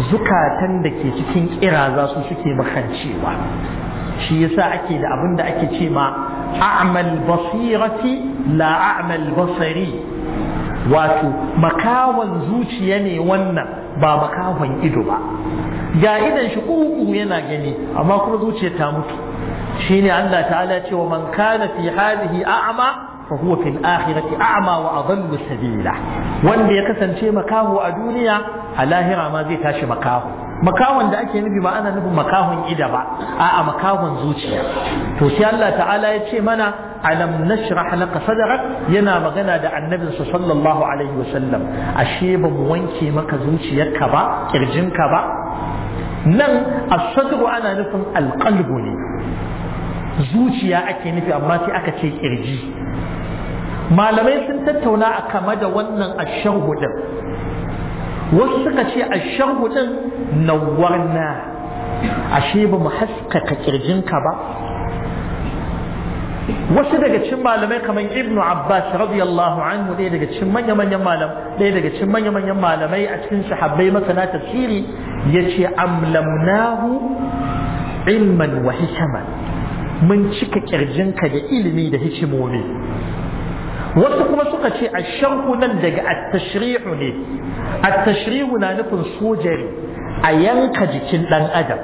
zukatan da ke cikin kira za su suke makancewa shi yasa ake da abin da ake ce ma a'mal basirati la a'mal basari wato makawan zuciya ne wannan ba makawan ido ba ga idan shi kuku yana gani amma kuma zuciya ta mutu shine Allah ta'ala ce wa man kana fi hadhihi a'ma fa huwa fil akhirati a'ma wa adallu wanda ya kasance makaho a duniya a lahira ma zai tashi makaho makahon da ake nufi ba ana nufin makahon ida ba a'a makahon zuciya to sai Allah ta'ala ya ce mana alam nashrah laka sadrak yana magana da annabin sallallahu alaihi wasallam ashe ba mu wanke maka zuciyarka ba ƙirjin ka ba nan as-sadru ana nufin alqalbu ne zuciya ake nufi amma sai aka ce kirji malamai sun tattauna a kama da wannan asharhu din wasu suka ce asharhu na nawarna ashe ba mu haskaka kirjinka ba wasu daga cikin malamai kamar ibnu abbas radiyallahu anhu ɗaya daga cikin manya manyan malam ɗaya daga cikin manya manyan malamai a cikin sahabbai masana tafsiri yace amlamnahu ilman wa hikaman mun cika kirjinka da ilimi da hikimomi wasu kuma suka ce a sharhu nan daga attashrihu ne attashrihu na nufin sojari a yanka jikin ɗan adam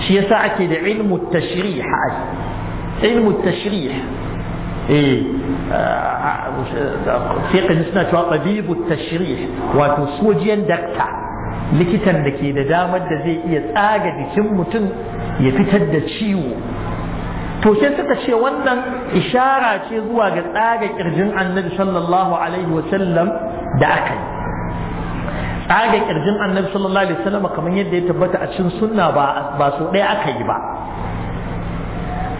shi yasa ake da ilmu tashrih ilmu tashrih eh, eh suna cewa tabibu tashrih wato sojiyan dakta likitan da ke da damar da zai iya tsaga jikin mutum ya fitar da ciwo to sai suka ce wannan ishara ce zuwa ga tsaga kirjin annabi sallallahu alaihi wa sallam da aka yi tsaga kirjin annabi sallallahu alaihi wa sallam kamar yadda ya tabbata a cikin sunna ba ba so ɗaya aka yi ba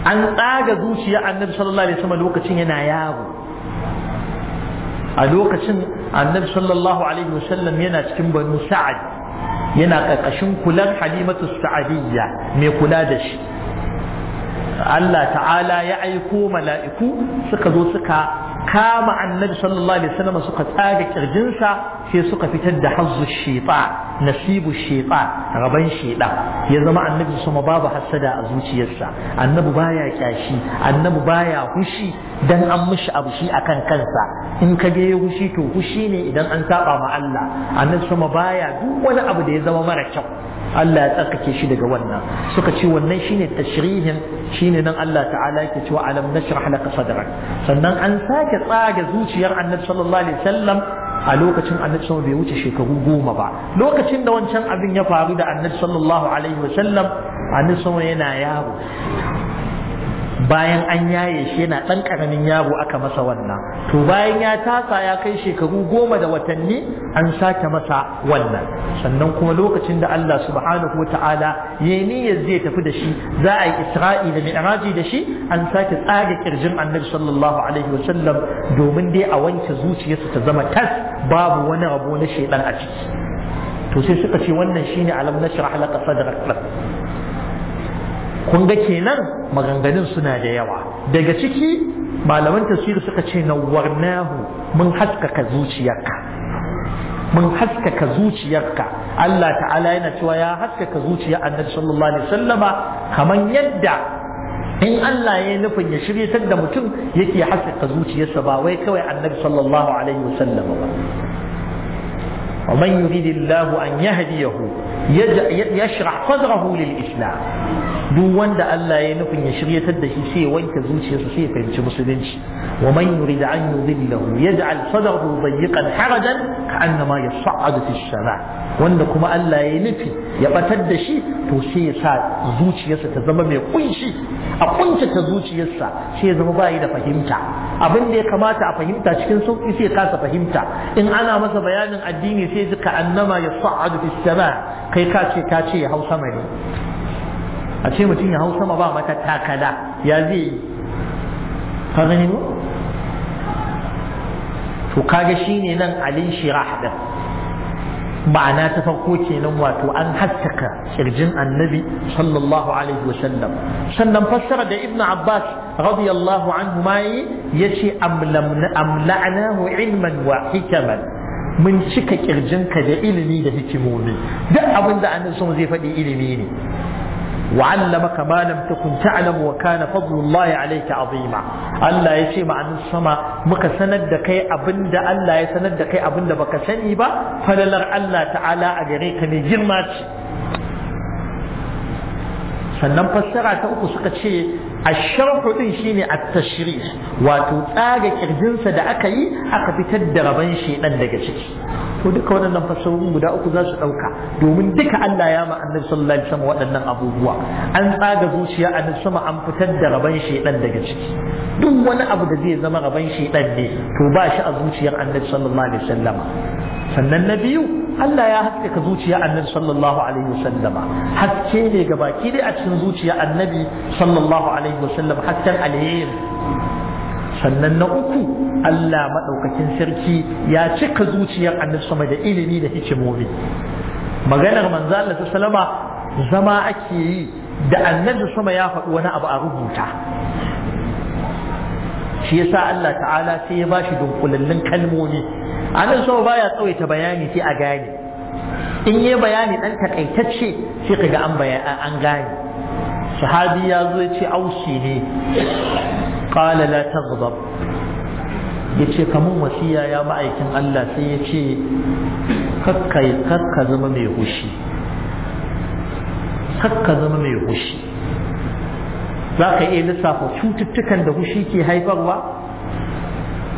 an tsaga zuciya annabi sallallahu alaihi wa sallam lokacin yana yaro a lokacin annabi sallallahu alaihi wa sallam yana cikin banu sa'ad yana ƙarƙashin kular halimatu sa'adiyya mai kula da shi Allah ta'ala ya aiko mala'iku suka zo suka kama annabi sallallahu alaihi wasallam suka tsaga kirjinsa sai suka fitar da hazzu shefa nasibu shefa raban sheɗa. ya zama annabi sama babu hasada a zuciyarsa annabi baya kyashi annabi baya hushi dan an mishi abu shi akan kansa in ka ga ya hushi to hushi ne idan an saba ma Allah annabi sama baya duk wani abu da ya zama mara kyau Allah ya tsarkake shi daga wannan suka ce wannan shine tashrihin shine nan Allah ta'ala yake cewa alam nashrah laka sadrak sannan an sake tsaga zuciyar Annabi sallallahu alaihi wasallam a lokacin annabi sama bai wuce shekaru goma ba lokacin da wancan abin ya faru da annabi sallallahu alaihi wasallam annabi sama yana yaro bayan an yaye shi yana ɗan ƙaramin yaro aka masa wannan to bayan ya tasa ya kai shekaru goma da watanni an sake masa wannan sannan kuma lokacin da Allah subhanahu wa ta'ala ya niyyar zai tafi da shi za a yi isra'i da mi'raji da shi an sake tsaga kirjin annabi sallallahu alaihi wa sallam domin dai a wanke zuciyarsa ta zama tas babu wani rabo na shaidan a ciki to sai suka ce wannan shine alam nashrah laka sadrak kun ga kenan maganganun suna da yawa daga ciki malaman tafsir suka ce na warnahu mun haskaka zuciyarka mun haskaka zuciyarka Allah ta'ala yana cewa ya haskaka zuciyar annabi sallallahu alaihi wasallama kaman yadda in Allah ya nufin ya shiryatar da mutum yake haskaka zuciyarsa ba wai kawai annabi sallallahu alaihi wasallama ba ومن يريد الله أن يهديه يشرح صدره للإسلام duk wanda Allah ya nufin ya shiryatar da shi sai ya wanke zuciyarsa sai ya fahimci musulunci wa man yurid an yudillahu yaj'al sadrahu dayyqan harajan ka'annama yas'adu fi sama wanda kuma Allah ya nufi ya ɓatar da shi to sai ya sa zuciyarsa ta zama mai kunshi a kuncita zuciyarsa sai zama bayi da fahimta abin da ya kamata a fahimta cikin sauƙi sai kasa fahimta in ana masa bayanin addini sai ji ka annama ya sa'adu fi sama kai ka ce ka ce ya hau sama ne a ce mutum ya hau sama ba mata takala ya zai yi ka gani to kaga shine nan alin shirah din ma'ana ta farko kenan wato an haskaka kirjin annabi sallallahu alaihi wasallam sannan fassara da ibnu abbas radiyallahu anhu ma yace amla'nahu ilman wa hikaman mun cika kirjinka da ilimi da hikimomi duk abin da annabi sun zai faɗi ilimi ne وعلمك ما لم تكن تعلم وكان فضل الله عليك عظيما الله يشي مع السما مك سند كي أبند الله يسند كي أبند بك سنيبا فللر الله تعالى أجريك من جرمات sannan fassara ta uku suka ce asharhu din shine at-tashrih wato tsaga sa da aka yi aka fitar da raban dan daga ciki to duka waɗannan fasahohin guda uku za su ɗauka domin duka Allah ya ma annabi sallallahu alaihi wasallam waɗannan abubuwa an tsaga zuciya a sama an fitar da raban dan daga ciki duk wani abu da zai zama raban dan ne to ba shi a zuciyar annabi sallallahu alaihi wasallama sannan na biyu Allah ya haskaka zuciya annabi sallallahu alaihi wasallama haske ne ga baki dai a cikin zuciya annabi sallallahu alaihi wasallam hasken alheri sannan na uku Allah maɗaukakin sarki ya cika zuciyar annabi sama da ilimi da hikimomi maganar manzo Allah sallama zama ake yi da annabi sama ya faɗi wani abu a rubuta shi yasa Allah ta'ala sai ya bashi dunkulallin kalmomi anan so baya tsawaita bayani sai a gane in yi bayani dan takaitacce sai kaga an an gane sahabi ya zo ya ce aushi ne qala la taghdab ya ce kamun wasiya ya ma'aikin Allah sai ya ce kakka zama mai hushi kakka zama mai hushi za ka iya lissafa cututtukan da hushi ke haifarwa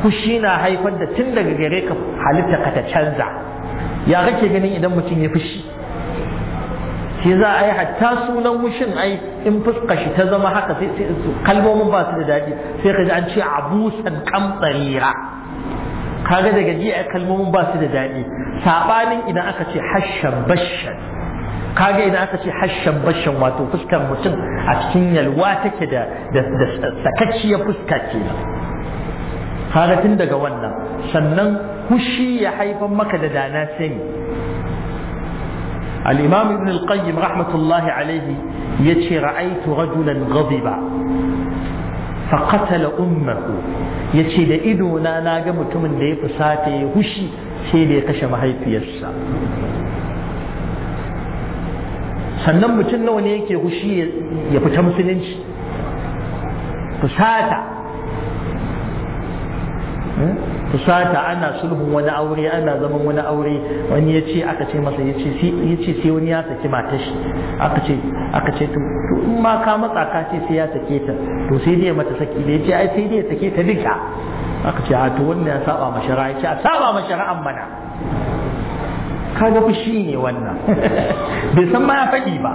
fushi na haifar da tun daga gare ka halitta ka ta canza ya kake ganin idan mutum ya fushi shi za a yi hatta sunan wushin ai in fuska shi ta zama haka sai kalmomin ba su da daɗi sai ka ji an ce abusan kamtsarira kaga daga ji a kalmomin ba su da daɗi saɓanin idan aka ce hashan bashan kaga idan aka ce hashan bashan wato fuskar mutum a cikin yalwa take da sakacciyar fuska ke kaga tun daga wannan sannan hushi ya haifan maka da dana sani al-imam ibn al-qayyim rahmatullahi alayhi yace ra'aitu rajulan ghadiba fa qatala ya yace da ido na naga mutumin da ya fusata ya hushi sai da ya kashe mahaifiyarsa sannan mutum nawa ne yake hushi ya fita musulunci fusata Hmm? kusata ana sulhun wani aure ana zaman wani aure wani ya ce aka ce masa ya ce sai wani ya saki matar shi aka ce aka ce to in ma ka matsa ka ce sai ya sake ta to sai dai mata saki da ya ce ai sai dai ya sake ta duka aka ce a to wannan ya saba ma shari'a ya ce a saba ma shari'an mana kaga fushi ne wannan bai san ma ya faɗi ba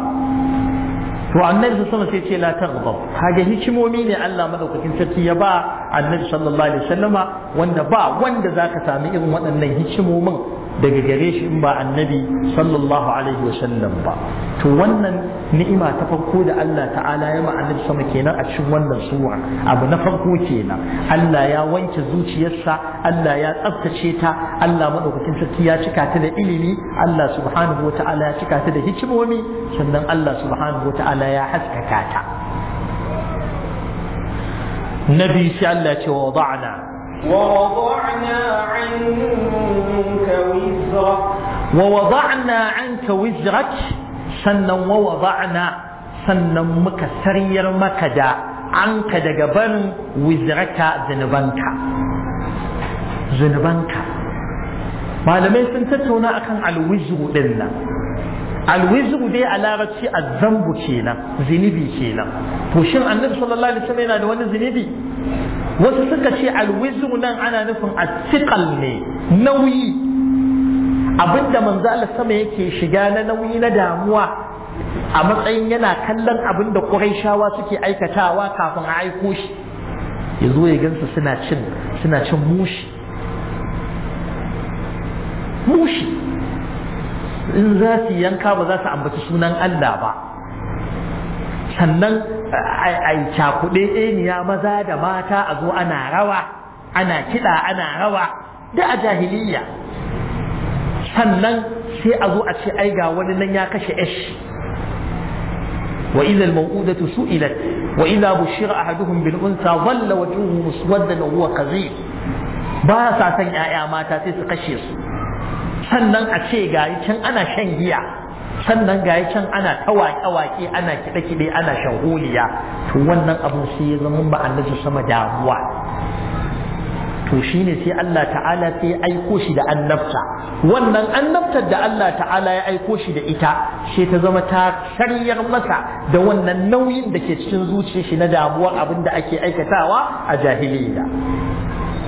to annabi sallallahu sai ce la taghdab kaga hikimomi ne Allah madaukakin sarki ya ba annabi sallallahu alaihi wasallama wanda ba wanda zaka sami irin waɗannan hikimomin daga gare shi in ba annabi sallallahu alaihi wasallam ba to wannan ni'ima ta farko da Allah ta'ala ya ma annabi sama kenan a cikin wannan sura abu na farko kenan Allah ya wanke zuciyarsa Allah ya tsaftace ta Allah madaukakin sarki ya cika ta da ilimi Allah subhanahu wata'ala ya cika ta da hikimomi sannan Allah subhanahu wata'ala ya haskaka ta nabi sai Allah ce wa ووضعنا عنك وزرك sannan ووضعنا sannan muka sariyar maka da anka daga barin wizraka zunubanka zunubanka malamai sun tattauna akan alwizu din nan alwizru dai a larabci azzambu kenan zunubi kenan to shin annabi sallallahu alaihi wasallam yana da wani zunubi wasu suka ce alwizu nan ana nufin atikal ne nauyi abinda manzo Allah sama yake shiga na nauyi na damuwa a matsayin yana kallon abinda Qurayshawa suke aikatawa kafin a aiko shi yazo ya gansu suna cin suna cin mushi mushi in za su yanka ba za su ambaci sunan Allah ba sannan ai cakuɗe ɗeniya maza da mata a zo ana rawa ana kiɗa ana rawa da a jahiliya sannan sai a zo a ce ai ga wani nan ya kashe ash wa idza al-maw'udatu su'ilat wa idza bushira ahaduhum bil unsa dhalla wajhuhu muswaddan wa huwa ba sa san 'ya'ya mata sai su kashe su sannan a ce gari can ana shan giya sannan ga can ana tawake waƙe ana kiɗe-kiɗe ana shahuliya to wannan abin sai ya zama ba annabi sama damuwa to shine sai Allah ta'ala sai ya aiko shi da annabta wannan annabtar da Allah ta'ala ya aiko shi da ita sai ta zama ta karyar masa da wannan nauyin da ke cikin zuciyar shi na damuwar abin da ake aikatawa a jahiliya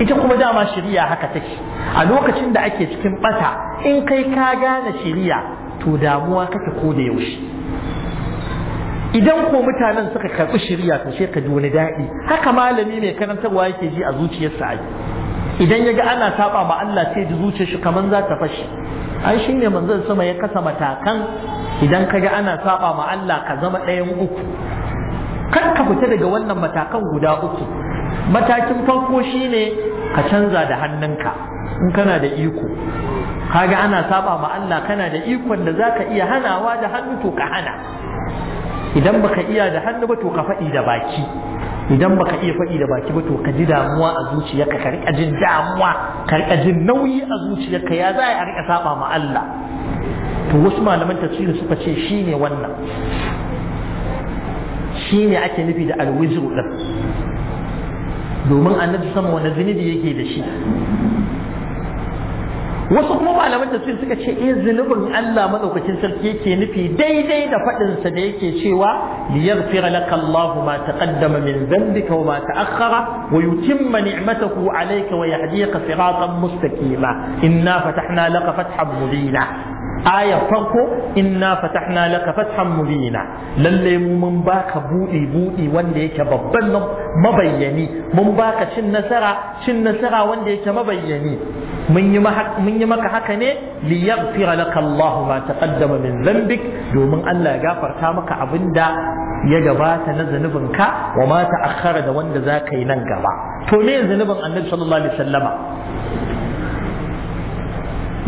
ita kuma dama shiriya haka take a lokacin da ake cikin bata in kai ka gane shiriya to damuwa kake ko da yaushe idan ko mutanen suka karɓi shirya to sai ka ji wani daɗi haka malami mai karantarwa yake ji a zuciyarsa ai idan ya ga ana saba ma Allah sai ji zuciyar shi kaman za ta fashi ai shi ne manzon sama ya kasa matakan idan ka ga ana saba ma Allah ka zama ɗayan uku kar ka fita daga wannan matakan guda uku matakin farko shine ka canza da hannunka in kana da iko kaga ana saba ma Allah kana da ikon da zaka iya hanawa da hannu to ka hana idan baka iya da hannu ba to ka faɗi da baki idan baka iya faɗi da baki ba to ka ji damuwa a zuciyarka ka rika jin damuwa ka rika jin nauyi a zuciyarka ya za a rika saba ma Allah to wasu malaman tafsiri suka ce shine wannan shine ake nufi da alwizu din domin annabi sama wani zunubi yake da shi wasu kuma malaman tafsir suka ce eh zunubin Allah madaukakin sarki yake nufi daidai da faɗin sa da yake cewa liyaghfira laka Allah ma taqaddama min dhanbika wa ma ta'akhkhara wa yutimma ni'matahu alayka wa yahdika siratan mustaqima inna fatahna laka fathan mubina ayar farko inna fatahna laka fathan mubina lalle mu mun baka budi budi wanda yake babban mabayyani mun baka cin nasara cin nasara wanda yake mabayyani mun yi maka haka ne li yaghfira laka Allahu ma taqaddama min dhanbik domin Allah ya gafarta maka abinda ya gabata na zanubinka wa ma ta'akhkhara da wanda zaka yi nan gaba to me zanubin Annabi sallallahu alaihi wasallama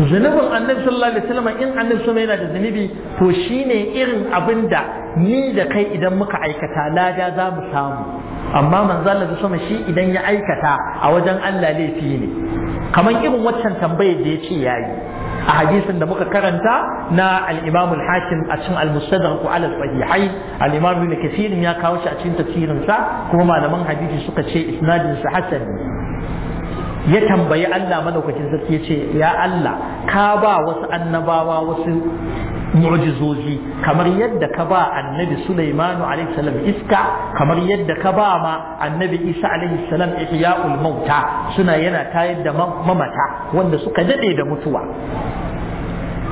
zanubin Annabi sallallahu alaihi wasallama in Annabi sama yana da zanubi to shine irin abinda ni da kai idan muka aikata lada za mu samu amma manzo Allah sama shi idan ya aikata a wajen Allah laifi ne kamar irin waccan tambayar da ya ce yayi a hadisin da muka karanta na al-Imam al-Hakim a cikin al-Mustadrak ala sahihai al-Imam Ibn Kathir ya kawo shi a cikin tafsirin sa kuma malaman hadisi suka ce isnadin sa hasan ya tambayi Allah madaukakin sarki yace ce ya Allah ka ba wasu annabawa wasu mu'jizoji kamar yadda ka ba annabi Sulaimanu alaihi salam iska kamar yadda ka ba ma annabi Isa alaihi salam ihya'ul mauta suna yana tayar da mamata wanda suka dade da mutuwa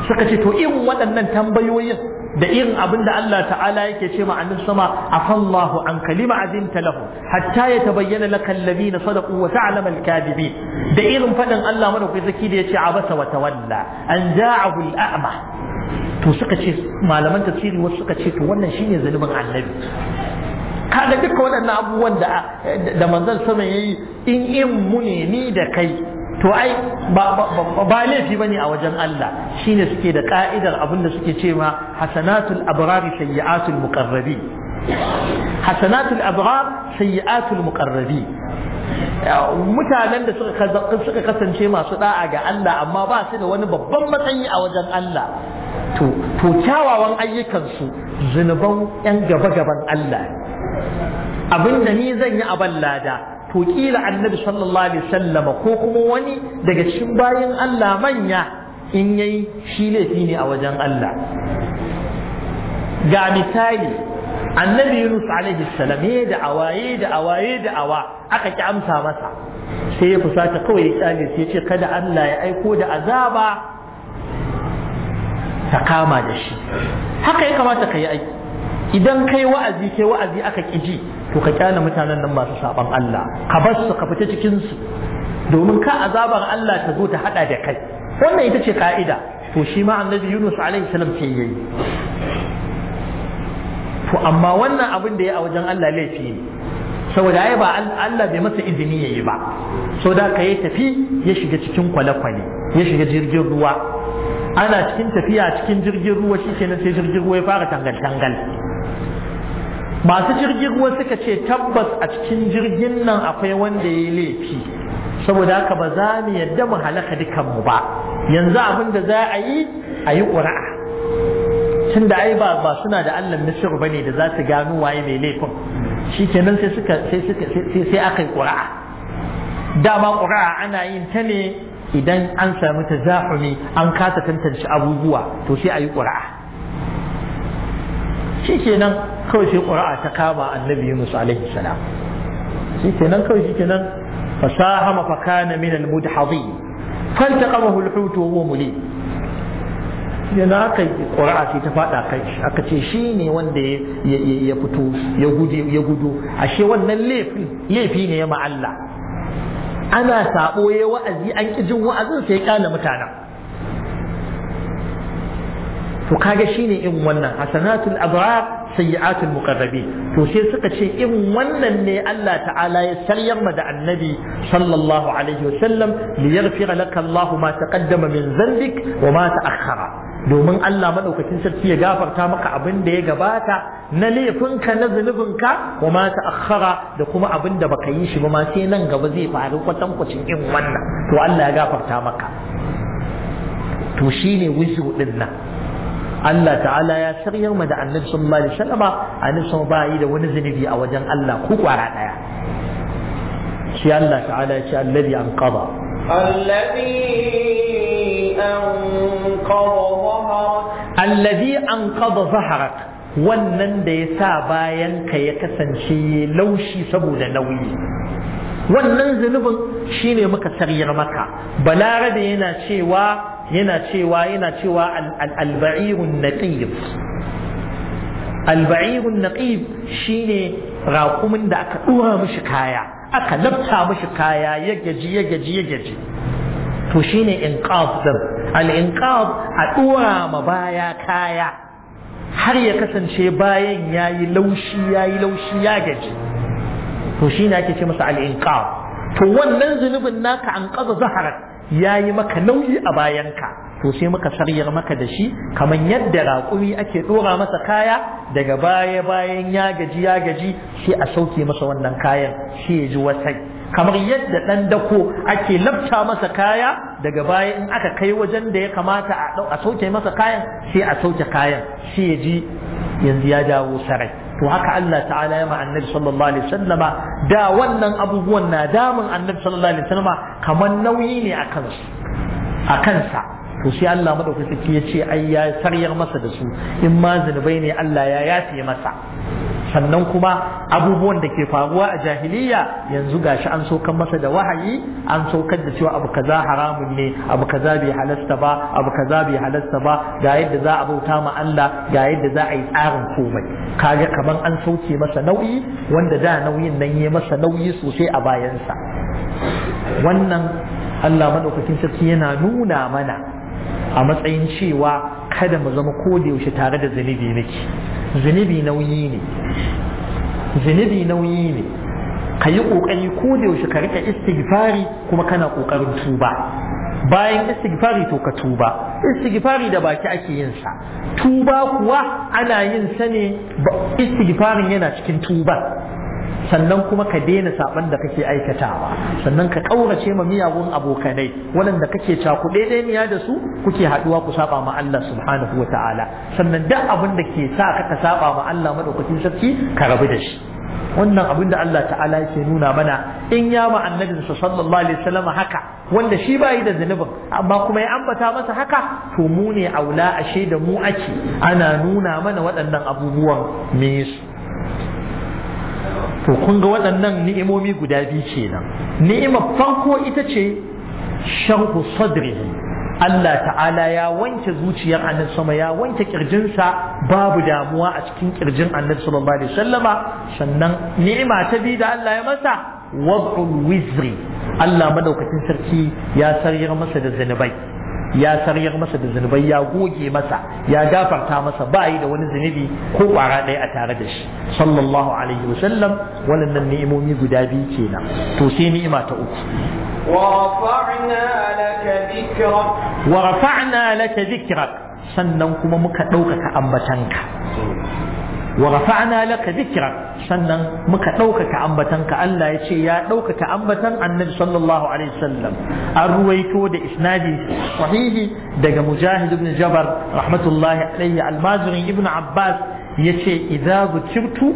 suka ce to irin waɗannan tambayoyin da irin abin da Allah ta'ala yake ce ma annabi sama afallahu an kalima azinta lahu hatta ya tabayyana laka alladhina sadaqu wa ta'lamu al-kadibin da irin fadin Allah madaukakin zaki da yace abasa wa tawalla an ja'ahu al-a'ma to suka ce malaman tafsiri wasu suka ce to wannan shine zalibin annabi kaga duka waɗannan abubuwan da da manzon sama yayi in in mu ne ni da kai to ai ba laifi ne a wajen Allah shine suke da ka'idar abin da suke ce ma hasanatul abrari sayyi'atul muqarrabi hasanatul abrar sayyi'atul muqarrabi mutanen da suka kasance masu da'a ga Allah amma ba su da wani babban matsayi a wajen Allah to to kyawawan ayyukansu zunuban yan gaba gaban Allah abinda ni zan yi a lada, to kila annabi sallallahu alaihi sallama, ko kuma wani daga cikin bayan Allah manya in yayi shi laifi ne a wajen Allah ga misali annabi Yunus alaihi salam ya da awaye da awaye da awa aka ki amsa masa sai ya fusata kawai ya kyale sai ya ce kada Allah ya aiko da azaba ta kama da shi haka ya kamata ka yi aiki idan kai wa'azi kai wa'azi aka kiji to ka ƙyana mutanen nan masu saban Allah ka bar su ka fita cikin su domin ka azabar Allah ta zo ta hada da kai wannan ita ce ka'ida to shi ma annabi Yunus alaihi salam ce yayi to amma wannan abin da ya a wajen Allah laifi ne saboda ai ba Allah bai masa izini yayi ba so da ka yi tafi ya shiga cikin kwale-kwale ya shiga jirgin ruwa ana cikin tafiya cikin jirgin ruwa shi kenan sai jirgin ruwa ya fara tangal-tangal masu jirgin ruwa suka ce tabbas a cikin jirgin nan akwai wanda ya yi laifi saboda haka ba za mu yadda mu halaka dukanmu ba yanzu abin da za a yi a yi ƙura'a tun da ai ba ba suna da allah misir ba ne da za su gano waye mai laifin shi kenan sai suka sai suka sai aka yi ƙura'a dama ƙura'a ana yin ta ne idan an samu tazahumi an kasa tantance abubuwa to sai a yi ƙura'a shi nan kawai sai ƙura'a ta kama annabi Yunus alaihi salam shi nan kawai shi kenan fasahama fa kana min al-mudhadi ta al-hut wa muli. yana aka ƙura'a sai ta faɗa kai. shi aka ce shi ne wanda ya fito ya gudu ashe wannan laifi ne ya ma'alla ana sabo ya wa'azi an ƙi jin wa'azin sai kyale mutanen to kaga shine irin wannan hasanatul abra sayyi'atul muqarrabin to sai suka ce irin wannan ne Allah ta'ala ya sayar ma da annabi sallallahu alaihi wasallam li yaghfira laka Allah ma taqaddama min dhanbik wa ma ta'akhkhara domin Allah madaukakin sarki ya gafarta maka abin da ya gabata na laifinka na zunubinka wa ma ta'akhkhara da kuma abin da baka yi shi ba ma sai nan gaba zai faru kwatankwacin in wannan to Allah ya gafarta maka to shine wuzu din nan Allah ta'ala ya shiryar mu da annabi sallallahu alaihi wasallam annabi ba yi da wani zunubi a wajen Allah ko kwara daya shi Allah ta'ala ya ce allazi anqada allazi allazi an zaharak wannan da ya sa bayan ka ya kasance laushi saboda nauyi wannan zunubin shine muka saryar maka balarabe yana cewa yana cewa yana cewa alba'irun naqib alba'irun shi shine raƙumin da aka ɗora mishi kaya aka lafta mishi kaya ya gaji ya gaji ya gaji to shine inqaf din al inqaf a dura ma baya kaya har ya kasance bayan yayi laushi yayi laushi ya gaji to shine ake ce masa al inqaf to wannan zunubin naka an kaza zaharar yayi maka nauyi a bayanka to sai muka saryar maka da shi kamar yadda raƙumi ake ɗora masa kaya daga baya bayan ya gaji ya gaji sai a sauke masa wannan kayan sai ya ji wasai kamar yadda ɗan dako ake labta masa kaya daga baya in aka kai wajen da ya kamata a sauke masa kayan sai a sauke kayan sai ya ji yanzu ya dawo sarai to haka Allah ta'ala ya ma annabi sallallahu alaihi wasallama da wannan abubuwan na damun annabi sallallahu alaihi wasallama kamar nauyi ne a kansu kansa to sai Allah madaukaki ya ce ai ya saryar masa da su in ma zunubai ne Allah ya yafe masa sannan kuma abubuwan da ke faruwa a jahiliya yanzu gashi an saukan masa da wahayi an saukar da cewa abu kaza haramun ne abu kaza bai halasta ba abu kaza bai halasta ba ga yadda za a bauta ma Allah ga yadda za a yi tsarin komai kaga kaman an sauke masa nauyi wanda da nauyin nan ya masa nauyi sosai a bayansa wannan Allah madaukakin sarki yana nuna mana a matsayin cewa kada mu zama ko da yaushe tare da zunubi nake zunubi nauyi ne zunubi nauyi ne ka yi ƙoƙari ko da yaushe ka rika istighfari kuma kana ƙoƙarin tuba bayan istighfari to ka tuba istighfari da baki ake yin sa tuba kuwa ana yin sa ne istighfarin yana cikin tuba sannan kuma ka daina saban da kake aikatawa sannan ka kaurace ma miyagun abokanai waɗanda kake cakuɗe ɗaya da su kuke haɗuwa ku saba ma Allah subhanahu wata'ala sannan duk abin da ke sa ka ka saba ma Allah madaukakin sarki ka rabu da shi wannan abin da Allah ta'ala yake nuna mana in ya ma annabinsa sallallahu alaihi wasallam haka wanda shi bai da zunubin amma kuma ya ambata masa haka to mu ne aula ashe da mu ake ana nuna mana waɗannan abubuwan me to kun ga waɗannan ni'imomi guda biyu kenan ni'imar farko ita ce sharhu sadrihi Allah ta'ala ya wanke zuciyar annabi sama ya wanke kirjinsa babu damuwa a cikin kirjin annabi sallallahu alaihi wasallama sannan ni'ima ta bi da Allah ya masa wad'ul wizri Allah madaukakin sarki ya saryar masa da zanubai ya saryar masa da zunubai ya goge masa ya gafarta masa ba yi da wani zunubi ko ƙwara ɗaya a tare da shi sallallahu alaihi wasallam wannan ni'imomi guda biyu kenan to sai ni'ima ta uku wa rafa'na laka dhikrak sannan kuma muka ɗaukaka ambatanka wa rafa'na laka dhikrak sannan muka ɗaukaka ambatan ka Allah ya ce ya ɗaukaka ambatan annabi sallallahu alaihi wasallam an ruwaito da isnadi sahihi daga mujahid ibn jabar rahmatullahi alaihi almazurin ibn abbas yace idza zukirtu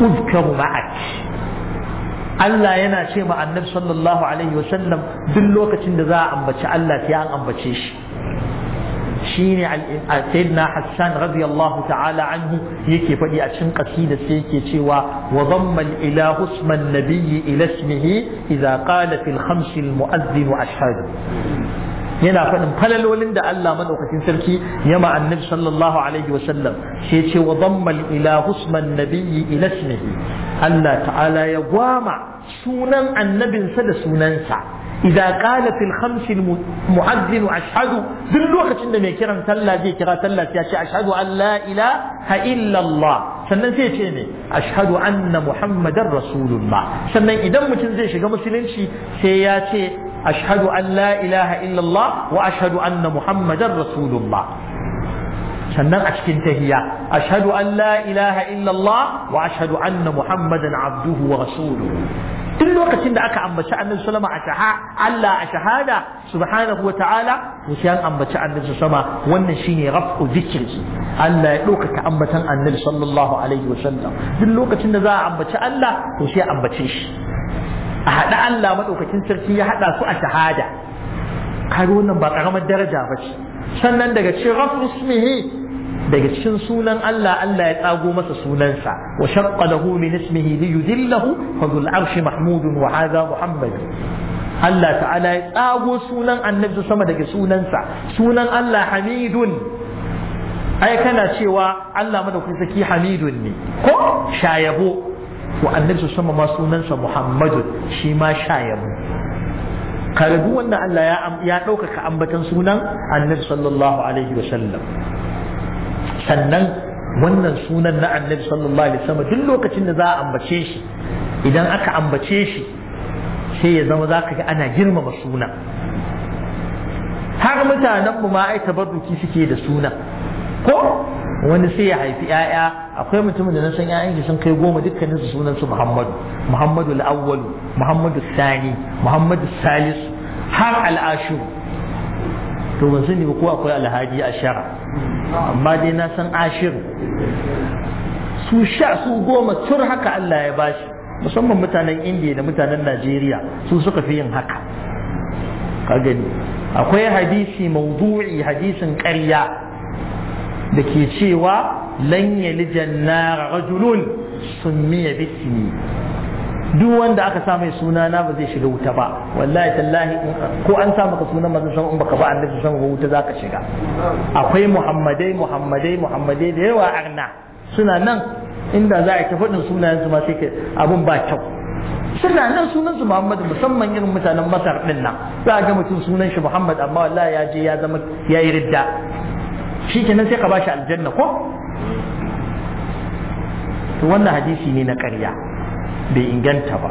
uzkaru ma'ak Allah yana ce ma annabi sallallahu alaihi wasallam duk lokacin da za a ambaci Allah sai an ambace shi shine sayyidina Hassan radiyallahu ta'ala anhu yake faɗi a cikin ƙasida sai yake cewa wa dhamma ila husma nabiyyi ila ismihi idza qala fil khams al mu'adhdhin ashhadu yana faɗin falalolin da Allah madaukakin sarki ya ma annabi sallallahu alaihi sallam. sai ce wa dhamma ila husma nabiyyi ila ismihi Allah ta'ala ya gwama sunan annabinsa da sunansa إذا قال في الخمس المؤذن أشهد دل وقت إن ميكرا سلا زي كرا سلا أشهد أن لا إله إلا الله sannan sai ce ne ashhadu anna muhammadar rasulullah sannan idan mutum zai shiga musulunci sai ya ce ashhadu an la ilaha illallah wa ashhadu anna sannan a cikin tahiyya ashhadu an la ilaha illallah wa ashhadu anna muhammadan abduhu wa rasuluhu duk lokacin da aka ambaci annabi sallama a shaha Allah a shahada subhanahu wa ta'ala to sai an ambaci annabi sallama wannan shine rafu zikri Allah ya ɗaukaka ambatan annabi sallallahu alaihi wa sallam duk lokacin da za a ambaci Allah to sai ambace shi a haɗa Allah madaukakin sarki ya haɗa su a shahada Karo nan ba karamar daraja ba ce sannan daga cikin rafu ismihi daga cikin sunan Allah Allah ya tsago masa sunansa wa shaqqa lahu min ismihi li yudillahu fa dhul arshi mahmudun wa hadha muhammad Allah ta'ala ya tsago sunan annabi sama daga sunansa sunan Allah hamidun ai kana cewa Allah madaukakin saki hamidun ne ko shayabo wa annabi sama ma sunansa muhammadun shi ma shayabo karbi wannan Allah ya ɗaukaka ambatan sunan annabi sallallahu alaihi wa sallam. sannan wannan sunan na annabi sallallahu alaihi wasallam duk lokacin da za a ambace shi idan aka ambace shi sai ya zama zaka ga ana girmama sunan har mutanen mu ma ai tabarruki suke da sunan ko wani sai ya haifi 'ya'ya akwai mutumin da na san 'ya'yan shi sun kai goma dukkanin su sunan su Muhammadu Muhammadu al-awwal Muhammadu sani Muhammadu salis har al-ashur to ban sani ba ko akwai alhaji a shara amma dai na san ashir su sha su goma tur haka Allah ya bashi musamman mutanen indiya da mutanen najeriya su suka fi yin haka ka gani akwai hadisi maudu'i hadisin ƙarya da ke cewa lan yalijan rajulun sun miya bismi duk wanda aka sa mai suna na ba zai shiga wuta ba wallahi tallahi ko an sa maka sunan manzon sama baka ba annabi sama wuta zaka shiga akwai muhammadai muhammadai muhammadai da yawa arna suna nan inda za a faɗin sunayensu ma sai abun ba kyau suna nan sunan su musamman irin mutanen Masar din nan za a ga mutum sunan shi Muhammad amma wallahi ya je ya zama ya yi ridda shi kenan sai ka bashi aljanna ko to wannan hadisi ne na ƙarya bai inganta ba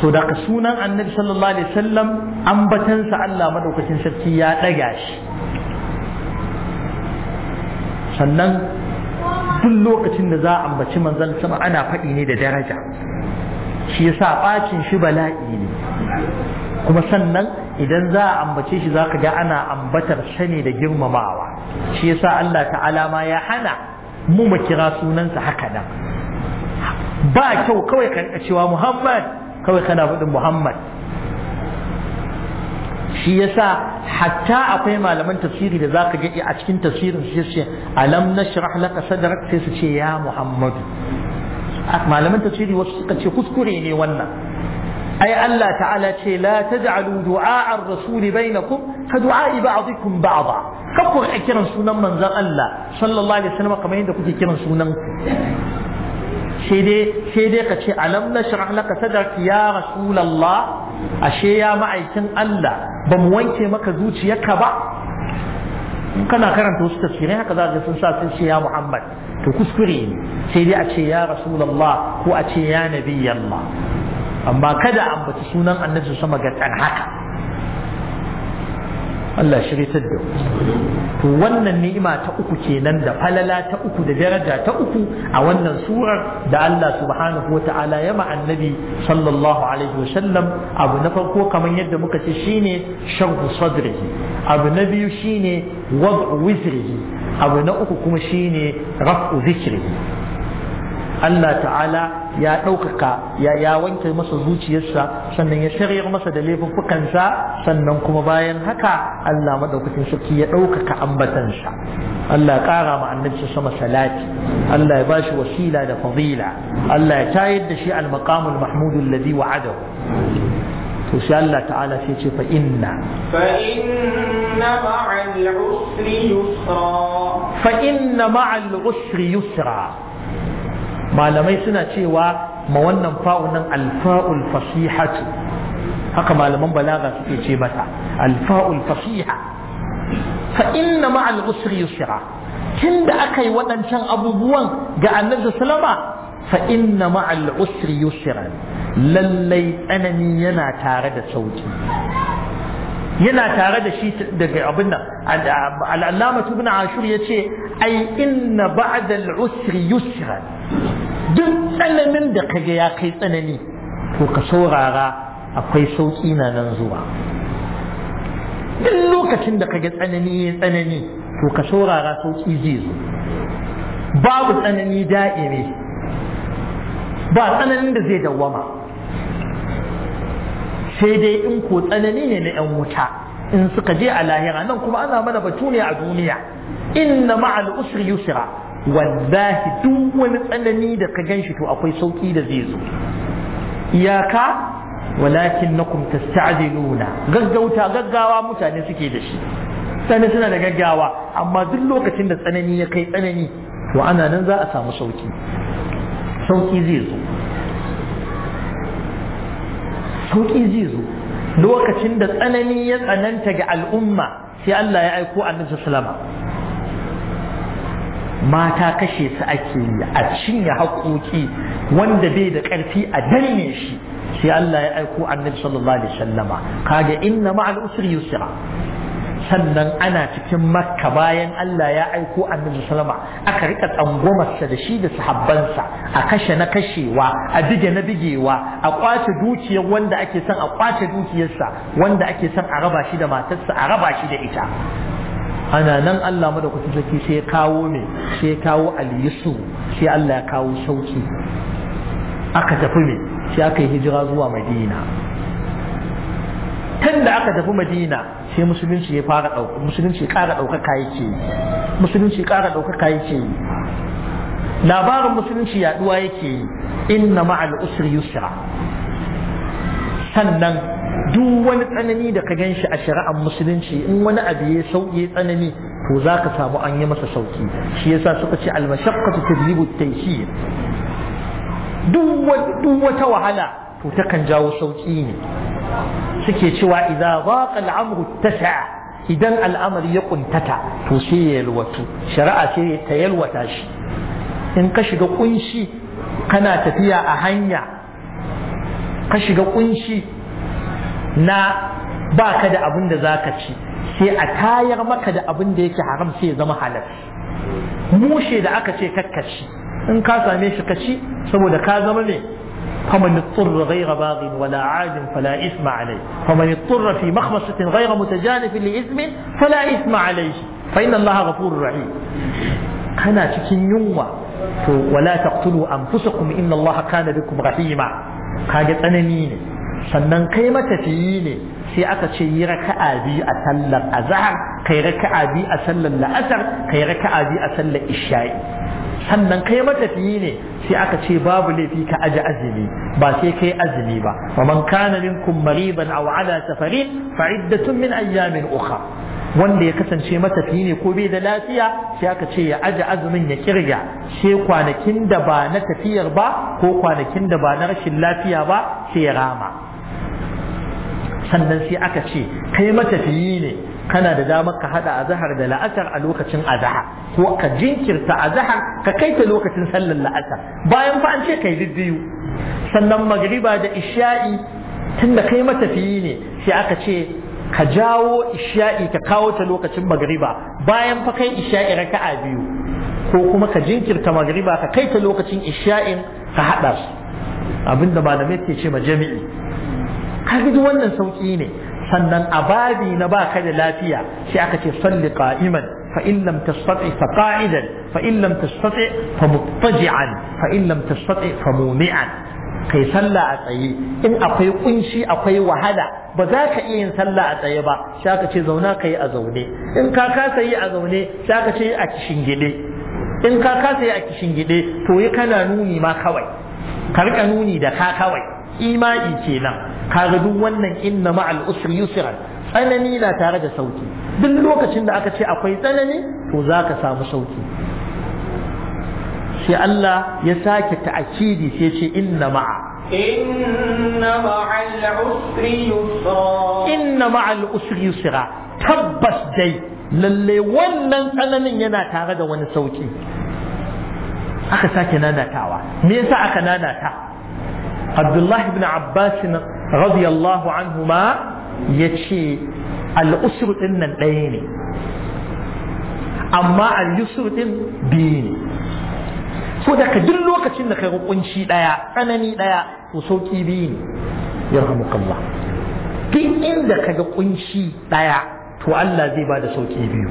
so daga sunan annabi sallallahu alaihi wasallam ambatansa Allah madaukakin sarki ya ɗaga shi sannan duk lokacin da za a ambaci manzon sama ana faɗi ne da daraja shi yasa ɓacin shi bala'i ne kuma sannan idan za a ambace shi zaka ga ana ambatar sani da girmamawa shi yasa Allah ta'ala ma ya hana mu mu kira sunansa haka nan ba kyau kawai ka cewa muhammad kawai kana faɗin muhammad shi yasa hatta akwai malaman tafsiri da zaka ga a cikin tafsirin su ce alam nashrah laka sadrak sai su ce ya muhammadu malaman tafsiri wasu suka ce kuskure ne wannan ai Allah ta'ala ce la taj'alu du'a ar-rasuli bainakum ka du'a ba'dikum ba'da a kiran sunan manzon Allah sallallahu alaihi wasallam kamar yadda kuke kiran sunan sai dai ka ce alam na shirah laka sadarki ya rasulallah ashe ya ma'aikin Allah ba mu wanke maka zuciyarka ba kana karanta wasu tafsirai haka za a sun sa sun ce ya Muhammad to kuskure ne sai dai a ce ya rasulallah ko a ce ya nabiyallah amma kada ambaci sunan annabi sama ga haka Allah shiritar da to wannan ni'ima ta uku kenan da falala ta uku da daraja ta uku a wannan surar da Allah subhanahu ta'ala ya ma annabi sallallahu alaihi wasallam abu na farko kamar yadda muka ce shine sharhu sadrihi abu na biyu shine wad'u wizrihi abu na uku kuma shine raf'u zikrihi Allah ta'ala ya ɗaukaka ya ya wanke masa zuciyarsa sannan ya shiryar masa da laifuffukansa sannan kuma bayan haka Allah madaukakin sarki ya ɗaukaka ambatansa Allah ƙara ma annabci sama salati Allah ya bashi wasila da fadila Allah ya tayar da shi al-maqamul mahmudu alladhi wa'adahu to sai Allah ta'ala sai ce fa inna fa inna ma'al usri yusra fa inna ma'al usri yusra malamai suna cewa ma wannan fa'unan alfa'ul fasihatu haka malaman balaga suke ce mata alfa'ul fasiha fa inna ma al-usri yusra da aka yi waɗancan abubuwan ga annabi sallama fa inna ma al-usri yusra lallai tsanani yana tare da sauki yana tare da shi daga abin nan al'allama ibn ashur yace ai inna ba'da al-usri yusra duk tsananin da kaga ya kai tsanani to ka saurara akwai sauƙi na nan zuwa duk lokacin da kaga tsanani ya tsanani to ka saurara sauƙi zai zo babu tsanani da'imi ba tsananin da zai dawwama sai dai in ko tsanani ne na 'yan wuta in suka je a lahira nan kuma ana mana batu ne a duniya inna ma'al usri yusra wallahi duk wani tsanani da ka ganshi to akwai sauki da zai zo iyaka walakin nakum tasta'jiluna gaggauta gaggawa mutane suke da shi sannan suna da gaggawa amma duk lokacin da tsanani ya kai tsanani to ana nan za a samu sauki sauki zai zo sauki zai zo lokacin da tsanani ya tsananta ga al'umma sai Allah ya aiko annabi sallama mata kashe su ake yi a cinye haƙoƙi wanda bai da ƙarfi a danne shi sai Allah ya aiko annabi sallallahu alaihi wasallama kaga inna ma'al usri yusra sannan ana cikin makka bayan Allah ya aiko annabi sallama aka rika tsangomarsa da shi da sahabbansa a kashe na kashewa a bige na bigewa a kwace dukiyar wanda ake son a kwace dukiyarsa wanda ake son a raba shi da matarsa a raba shi da ita ana nan Allah madaukakin sarki sai ya kawo ne sai ya kawo aliyu sai Allah ya kawo sauki aka tafi ne sai aka yi hijira zuwa Madina tun da aka tafi Madina sai musulunci ya fara dauka musulunci ƙara daukaka yake musulunci ƙara daukaka yake labarin musulunci yaduwa yake inna ma'al usri yusra sannan duk wani tsanani da ka ganshi a shari'ar musulunci in wani abu ya sauki tsanani to za ka samu an yi masa sauki shi yasa suka ce almashaqqatu tadribu at-taysir duk wata wahala to takan jawo sauki ne suke cewa idza zaqa al tasa idan al'amari ya kuntata to sai ya yalwatu shari'a ce ta yalwata shi in ka shiga kunshi kana tafiya a hanya ka shiga kunshi na ba ka da abin da za ka ci sai a tayar maka da abin da yake haram sai ya zama halal mushe da aka ce kakkaci in ka same shi kaci saboda ka zama ne فمن اضطر غير باغ ولا عاد فلا إثم عليه فمن اضطر في مخمصة غير متجانف لإثم فلا إثم عليه فإن الله غفور رحيم أنا تكين يوم ولا تقتلوا أنفسكم إن الله كان بكم رحيما كانت أنا مين sannan kai matafiyi ne sai aka ce yi raka'a biyu a sallar azhar kai raka'a biyu a sallar la'asar kai raka'a biyu a sallar isha'i sannan kai matafiyi ne sai aka ce babu laifi ka aje azumi ba sai kai azumi ba wa man kana minkum mariban aw ala safarin fa iddatun min ayyamin uka. wanda ya kasance matafiyi ne ko bai da lafiya sai aka ce ya aje azumin ya kirga sai kwanakin da ba na tafiyar ba ko kwanakin da ba na rashin lafiya ba sai ya rama sannan sai aka ce kai matafiyi ne kana da damar ka hada azahar da la'asar a lokacin azahar ko ka jinkirta azahar ka kai ta lokacin sallar la'asar bayan fa an ce kai diddiyu sannan magriba da isha'i tunda kai matafiyi ne sai aka ce ka jawo isha'i ka kawo ta lokacin magriba bayan fa kai isha'i raka'a biyu ko kuma ka jinkirta magriba ka kai ta lokacin isha'in ka hada su abinda malamai ke ce ma jami'i Ka kaga wannan sauki ne sannan a na ba baka da lafiya sai aka ce salli qa'iman fa لم تستطع فقاعدا فإن لم تستطع فمضطجعا فإن لم fa فمومعا kai sallah a tsaye in akwai kunshi akwai wahala ba za ka iya yin sallah a tsaye ba sha aka ce zauna ka yi a zaune in ka kasa yi a zaune sha aka ce a kishingide in ka kasa yi a kishingide to yi kana nuni ma kawai ka rika nuni da ka kawai imani kenan kaga duk wannan inna ma'al usri yusra. tsanani na tare da sauki duk lokacin da aka ce akwai tsanani to zaka samu sauki sai Allah ya sake ta'akidi sai ce inna ma'a yusra inna ma'al usri yusra tabbas dai lalle wannan tsananin yana tare da wani sauki aka sake nanatawa me yasa aka nanata Abdullahi ibn Abbas radiyallahu anhu ma ya ce al'usur ɗin nan ɗaya ne amma al'usur ɗin biyu ne so daga duk lokacin da kai kunci ɗaya tsanani ɗaya to sauƙi biyu ne ya Allah duk inda ka ga kunshi ɗaya to Allah zai ba da sauƙi biyu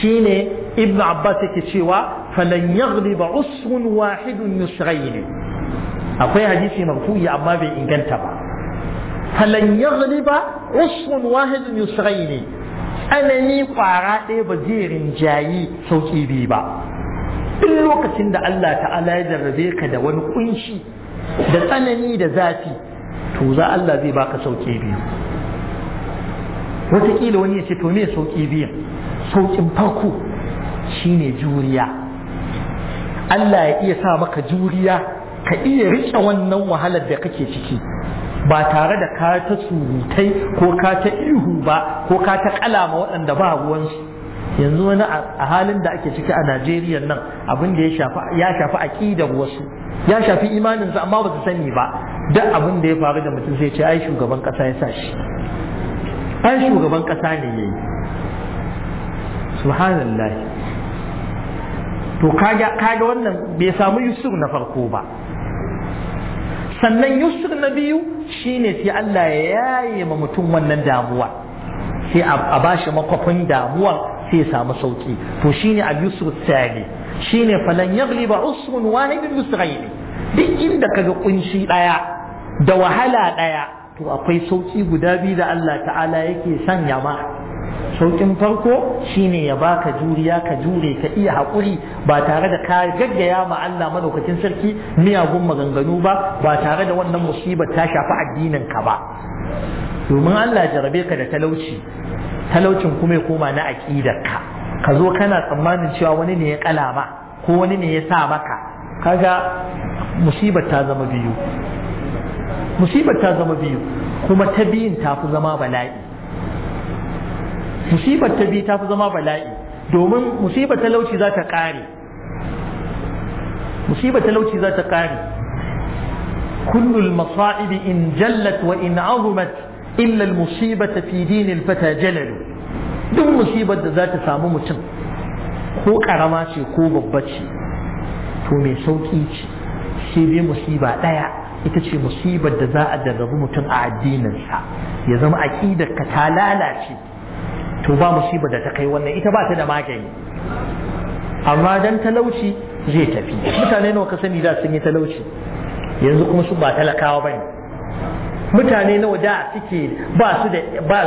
shine ibn Abbas yake cewa falan yaghliba usrun wahidun yusrayn akwai hadisi marfu'i amma bai inganta ba falan yaghliba usrun wahidun yusraini tsanani kwara ɗaya ba zai rinjayi sauki biyu ba duk lokacin da Allah ta'ala ya jarrabe ka da wani kunshi da tsanani da zafi to za Allah zai baka sauki biyu wataƙila wani ya ce to me sauki biyu saukin farko shine juriya Allah ya iya sa maka juriya ka iya riƙe wannan wahalar da kake ciki ba tare da ka ta surutai ko ka ta ihu ba ko ka ta kalama waɗanda ba ruwansu yanzu wani a halin da ake ciki a najeriya nan abin da ya shafi aƙidar wasu ya shafi imaninsa amma ba su sani ba duk abin da ya faru da mutum sai ce ai shugaban ƙasa ya sa shi ai shugaban ƙasa ne ya yi subhanallah to kaga wannan bai samu yusuf na farko ba sannan Yusuf na biyu shine sai Allah ya yaye ma mutum wannan damuwa sai a bashi makwafin damuwa sai ya samu sauki to shine al Yusuf sani shine falan yaghliba usrun wahidun yusrayn duk inda kaga kunshi daya da wahala daya to akwai sauki guda biyu da Allah ta'ala yake sanya ma saukin farko shine ya baka juriya ka jure ka iya haƙuri ba tare da ka gaggaya ma Allah madaukakin sarki miyagun maganganu ba ba tare da wannan musibar ta shafi addinin ka ba domin Allah jarabe ka da talauci talaucin kuma ya koma na aƙidar ka ka zo kana tsammanin cewa wani ne ya kala ma ko wani ne ya sa maka kaga musibar ta zama biyu musibar ta zama biyu kuma ta biyun ta fi zama bala'i musibar ta biyu ta fi zama bala'i domin musibar talauci za ta ƙare musibar talauci za ta ƙare kullul masa'ibi in jallat wa in azumat illa al-musibata fi dinil fata jalalu duk musibar da za ta samu mutum ko karama ce ko babba ce to mai sauki ce sai dai musiba ɗaya ita ce musibar da za a jarrabu mutum a sa ya zama aƙidar ka ta lalace to ba musibar da ta kai wannan ita ba ta da magani amma dan talauci zai tafi mutane nawa ka sani da sun yi talauci yanzu kuma su ba talakawa bane mutane nawa da suke ba su da ba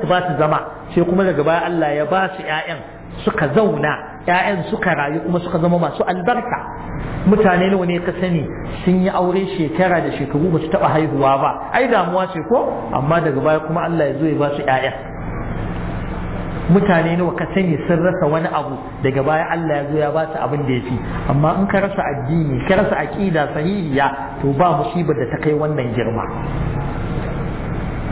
su ba su zama sai kuma daga baya Allah ya ba su ƴaƴan suka zauna ƴaƴan suka rayu kuma suka zama masu albarka mutane nawa ne ka sani sun yi aure shekara da shekaru ba su taɓa haihuwa ba ai damuwa ce ko amma daga baya kuma Allah ya zo ya ba su ƴaƴan mutane nawa ka sani sun rasa wani abu daga baya Allah ya zo ya ba su abin da ya fi amma in ka rasa addini ka rasa aqida sahihiya to ba musibar da ta kai wannan girma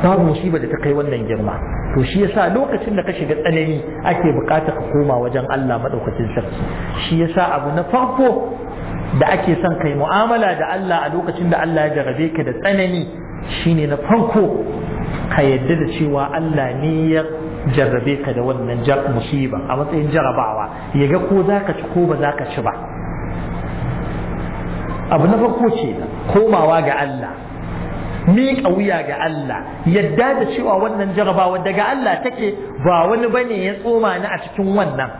babu musibar da ta kai wannan girma to shi yasa lokacin da ka shiga tsanani ake bukatar ka koma wajen Allah madaukakin sarki shi yasa abu na farko da ake son kai mu'amala da Allah a lokacin da Allah ya jarabe ka da tsanani shine na farko ka yarda da cewa Allah ne ya jarrabe ka da wannan musiba a matsayin jarabawa ya ga ko za ka ci ko ba za ka ci ba abu na farko ce komawa ga Allah miƙa wuya ga Allah yadda da cewa wannan jarabawa daga Allah take ba wani bane ya tsoma ni a cikin wannan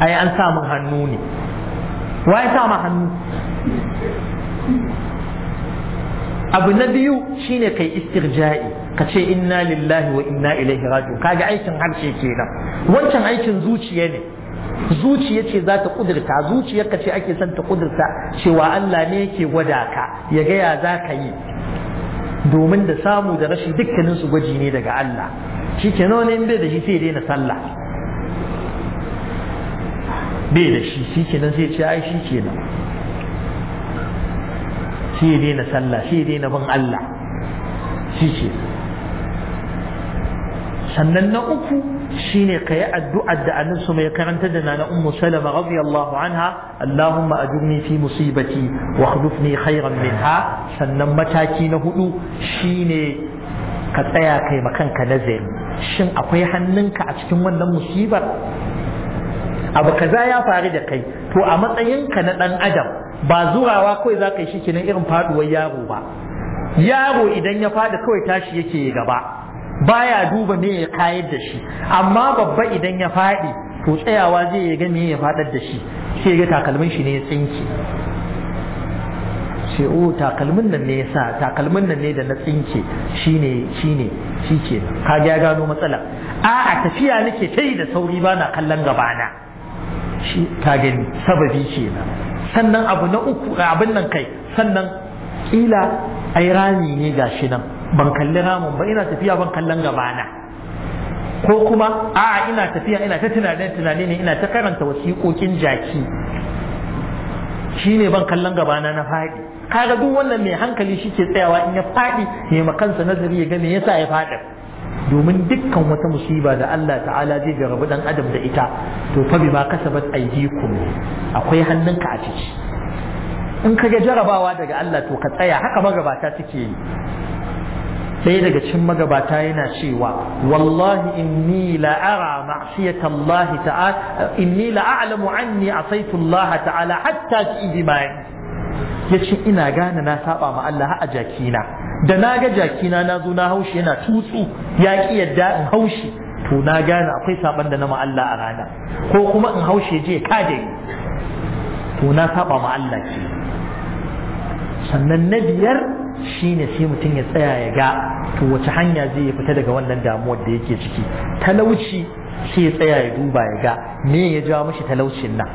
ai an samu hannu ne wa ya sa hannu abu na biyu shine kai istirja'i ka ce inna lillahi wa inna ilaihi raji'un kaga aikin harshe kenan wancan aikin zuciya ne zuciya ce za ta kudurta zuciyar ka ce ake son ta kudurta cewa Allah ne yake gwada ka ya gaya za ka yi domin da samu da rashi dukkanin su gwaji ne daga Allah shi ke wani in bai da shi sai daina sallah bai da shi shi kenan sai ce ai shi kenan sai daina sallah sai daina bin Allah shi kenan sannan na uku shine ka yi addu'ar da annabi mai karanta da na ummu salama radiyallahu anha Allahumma ajurni fi musibati wa khlufni khairan minha sannan mataki na hudu shine ka tsaya kai makanka nazari shin akwai hannunka a cikin wannan musibar abu kaza ya faru da kai to a matsayinka na dan adam ba zurawa kawai za ka yi shi kenan irin faduwar yaro ba yaro idan ya fadi kawai tashi yake gaba baya duba me ya kayar da shi amma babba idan ya faɗi to tsayawa zai ga me ya faɗar da shi sai ga takalmin shi ne ya tsinki sai o oh, takalmin nan ne yasa takalmin nan ne da na tsinke shine shine ke ka ga gano matsala a a tafiya nake ta yi da sauri ba na kallon gabana shi ka gani sababi na. sannan abu na uku abin nan kai sannan kila ai rami ne gashi nan ban kalli ramin ba ina tafiya ban kallon gabana ko kuma a ina tafiya ina ta tunanin tunani ne ina ta karanta wasiƙoƙin jaki shine ban kallon gabana na faɗi kaga duk wannan mai hankali shi ke tsayawa in ya faɗi ya ma kansa nazari ya ga me yasa ya faɗi domin dukkan wata musiba da Allah ta'ala zai garabu dan adam da ita to fa bima kasabat aydikum akwai hannunka a ciki in kaga jarabawa daga Allah to ka tsaya haka magabata suke yi ɗaya daga cikin magabata yana cewa wallahi inni la ara ta'ala inni a'lamu anni asaitu ta'ala hatta fi jima'i yace ina gane na saba ma Allah a jakina da na ga jakina na zo na haushi yana tutsu ya ki yadda in haushi to na gane akwai saban da na ma Allah a rana ko kuma in haushe je ka da to na saba ma Allah ke sannan na biyar Shi ne sai mutum ya tsaya ya ga to wace hanya zai fita daga wannan damuwar da yake ciki talauci sai ya tsaya ya duba ya ga me ya jawo mashi talaucin nan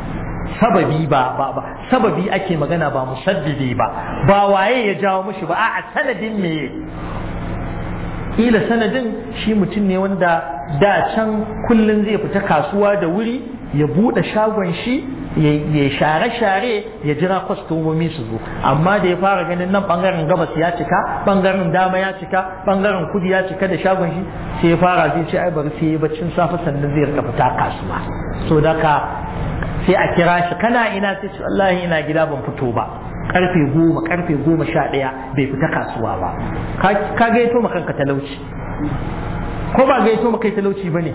sababi ba ba sababi ake magana ba musaddibi ba ba waye ya jawo mashi ba a sanadin me Ila sanadin shi mutum ne wanda da can kullun zai fita kasuwa da wuri ya buɗe shagon shi ya share-share ya jira kwastomomi su zo amma da ya fara ganin nan bangaren gabas ya cika bangaren dama ya cika bangaren kudu ya cika da shagon shi sai ya fara zai ce ai bari sai ya baccin safe sannan zai rika fita kasuwa so daga sai a kira shi kana ina sai ce wallahi ina gida ban fito ba karfe goma karfe goma sha ɗaya bai fita kasuwa ba ka gaito ma kanka talauci ko ba gaito ma kai talauci ba ne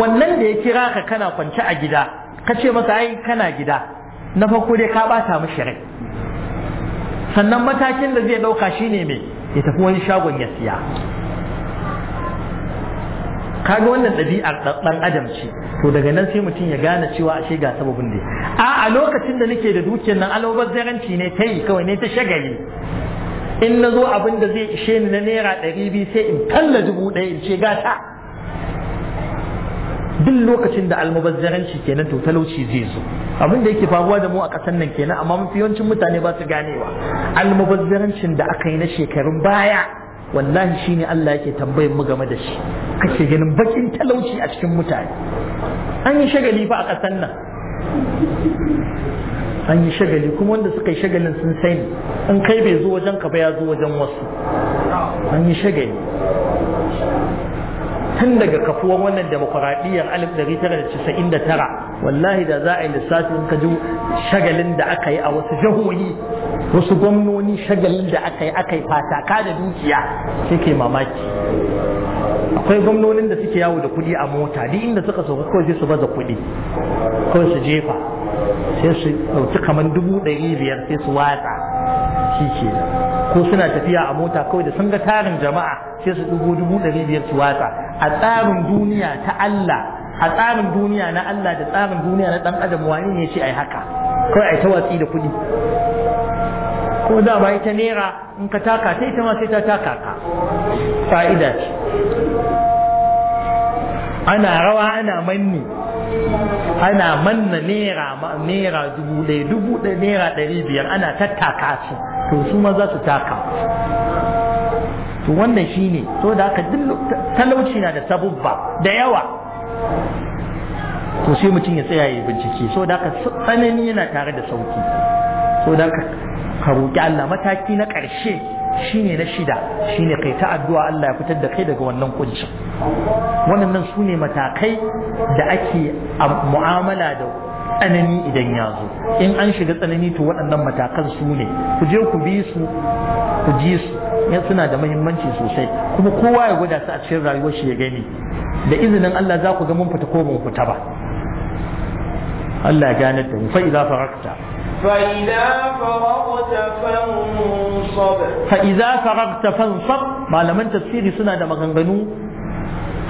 wannan da ya kira ka kana kwance a gida ka ce masa ai kana gida na farko dai ka bata mishi rai sannan matakin da zai dauka shine me ya tafi wani shagon ya siya kaga wannan ɗabi'ar ɗan adam ce to daga nan sai mutum ya gane cewa ashe ga sababin da a a lokacin da nake da dukiyar nan zaranci ne ta yi kawai ne ta shagali in na zo abin da zai ishe ni na naira ɗari biyu sai in kalla dubu ɗaya in ce gata duk lokacin da almubazzaranci kenan to talauci zai zo abin da yake faruwa da mu a ƙasar nan kenan amma mafi yawancin mutane ba su ganewa almubazzarancin da aka yi na shekarun baya wallahi shine Allah yake tambayar mu game da shi kake ganin bakin talauci a cikin mutane an yi shagali fa a ƙasar nan an yi shagali kuma wanda suka yi shagalin sun sani in kai bai zo wajen ka ba ya zo wajen wasu an yi shagali tun daga kafuwar wannan demokuraɗiyyar 1999 wallahi da za a yi lissafin ka ji shagalin da aka yi a wasu jihohi wasu gwamnoni shagalin da aka yi aka yi fataka da dukiya sai ke mamaki akwai gwamnonin da suke yawo da kuɗi a mota duk inda suka sauka kawai sai su baza kuɗi kawai su jefa sai su ɗauki kamar dubu ɗari biyar sai su watsa shi ke ko suna tafiya a mota kawai da sun ga tarin jama'a sai su ɗigo dubu ɗari biyar su watsa a tsarin duniya ta Allah a tsarin duniya na Allah da tsarin duniya na ɗan adam wani ne ce ai haka kawai ai ta watsi da kuɗi ko da ba ita naira in ka taka ta ita ma sai ta taka ka fa'ida ce ana rawa ana manni ana manna naira naira dubu ɗaya dubu ɗaya naira ɗari biyar ana tattaka su to su ma za su taka to wannan shine to da haka talauci na da sabubba da yawa to sai mutum ya tsaya ya bincike so da haka tsanani yana tare da sauki so da haka ka Allah mataki na ƙarshe ne na shida shi ne kai ta addu'a Allah ya fitar da kai daga wannan kuncin wannan su ne matakai da ake mu'amala da tsanani idan ya zo in an shiga tsanani to waɗannan matakan su ne ku je ku bi su ku ji su suna da mahimmanci sosai kuma kowa ya gwada su a cikin rayuwar shi ya gani da izinin Allah za ku ga mun fita ko mun fita ba Allah ya gane ta fa idza faraqta fa idza faraqta fansab malaman tafsiri suna da maganganu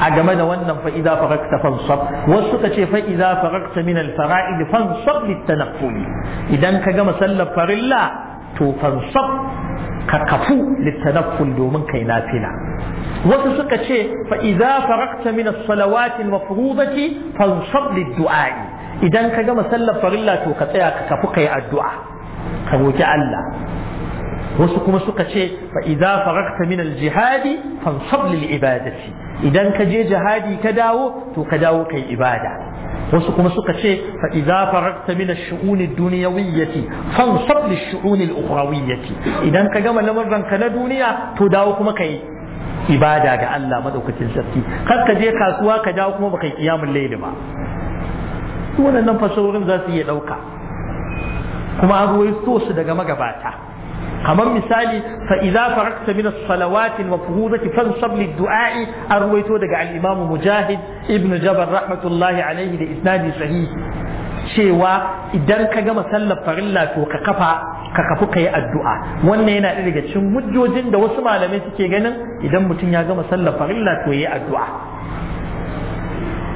a game da wannan Fa'iza idza faraqta fansab wasu suka ce Fa'iza idza faraqta min al fara'id fansab lit idan ka gama sallar farilla to fansab ka kafu lit domin kai nafila wasu suka ce Fa'iza idza faraqta min as salawat al fansab lid idan ka gama sallar farilla to ka tsaya ka kafu kai addu'a ka roki Allah wasu kuma suka ce fa idza min al-jihadi fansab lil ibadati idan ka je jihadi ka dawo to ka dawo kai ibada wasu kuma suka ce fa idza faragta min ash shu'uni ad-dunyawiyyati fansab al-ukhrawiyyati idan ka gama lamarin ka na duniya to dawo kuma kai ibada ga Allah madaukakin sarki kar ka je kasuwa ka dawo kuma baka yi kiyamul layli ba wannan fasahorin za su iya dauka kuma an ruwaito su daga magabata kamar misali fa idza farakta min as-salawat wa fuhudati fansab lid-du'a'i arwaito daga al-imam mujahid ibn jabal rahmatullahi alayhi da isnadi sahih cewa idan ka gama sallar farilla to ka kafa ka kafu kai addu'a wannan yana ɗaya daga cikin hujjojin da wasu malamai suke ganin idan mutum ya gama sallar farilla to yayi addu'a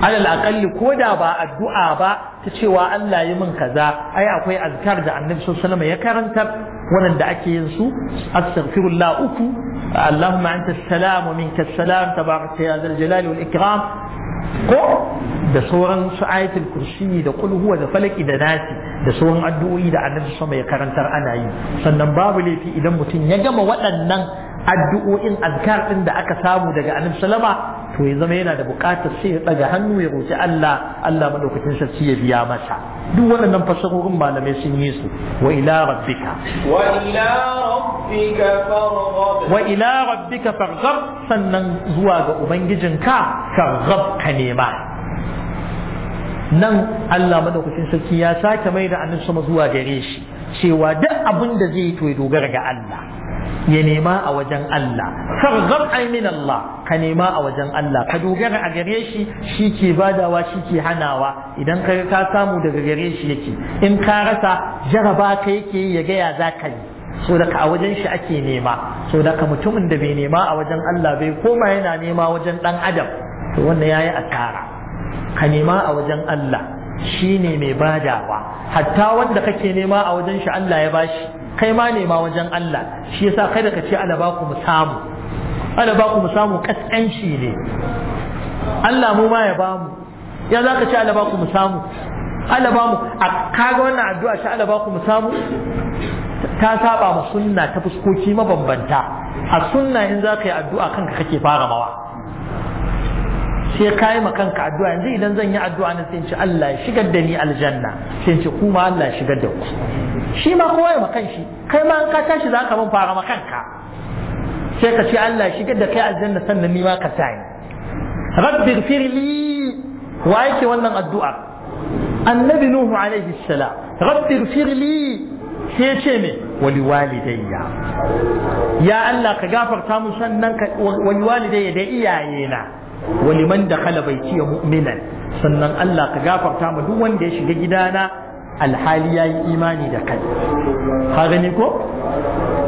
alal aqalli ko da ba addu'a ba ta cewa Allah yi min kaza ai akwai azkar da annabi sallallahu alaihi ya karantar wannan da ake yin su astaghfirullah uku allahumma anta salam wa minka tabarakta ya zal jalali wal ikram ko da sauran su ayatul kursi da qul huwa da falaki da nasi da sauran addu'o'i da annabi sallallahu alaihi ya karantar ana yi sannan babu laifi idan mutum ya gama waɗannan addu'o'in azkar din da aka samu daga annabi salama to ya zama yana da bukatar sai ya daga hannu ya roki Allah Allah madaukakin sarki ya biya masa duk waɗannan fasahohin malamai sun yi su wa ila rabbika wa ila rabbika farghab wa ila rabbika farghab sannan zuwa ga ubangijinka farghab ka nema nan Allah madaukakin sarki ya sake mai da annabi sama zuwa gare shi cewa duk abin da zai yi to ya dogara ga Allah ya nema a wajen Allah farghab min Allah ka nema a wajen Allah ka dogara a gare shi shi ke badawa shi ke hanawa idan ka ka samu daga gare shi yake in ka rasa jaraba ka yake ya gaya za ka yi so daga a wajen shi ake nema so daga mutumin da bai nema a wajen Allah bai koma yana nema wajen dan adam to wannan yayi asara ka nema a wajen Allah shine mai badawa hatta wanda kake nema a wajen shi Allah ya bashi kai ma nema wajen Allah shi yasa kada ka ce ala ba ku mu samu ala ba ku mu samu kaskanci ne Allah mu ma ya ba mu ya za ka ce ala ba ku mu samu ala ba mu a kaga wannan addu'a shi ala ba ku mu samu ta saba ma sunna ta fuskoki mabambanta a sunna in za ka yi addu'a kanka kake fara mawa sai ka yi kanka addu'a yanzu idan zan yi addu'a na sai in ce Allah ya shigar da ni aljanna sai in ce kuma Allah ya shigar da ku shi ma kowa ya makan shi kai ma an ka tashi za ka min fara makan ka sai ka ce Allah shigar da kai aljanna sannan ni ma ka sani rabbi firli wa yake wannan addu'a annabi nuhu alaihi salam rabbi firli sai ce me wali walidayya ya Allah ka gafarta mu sannan ka wali walidayya da iyaye na wali man dakhala baiti mu'minan sannan Allah ka gafarta mu duk wanda ya shiga gidana alhali ya yi imani da kai ha gani ko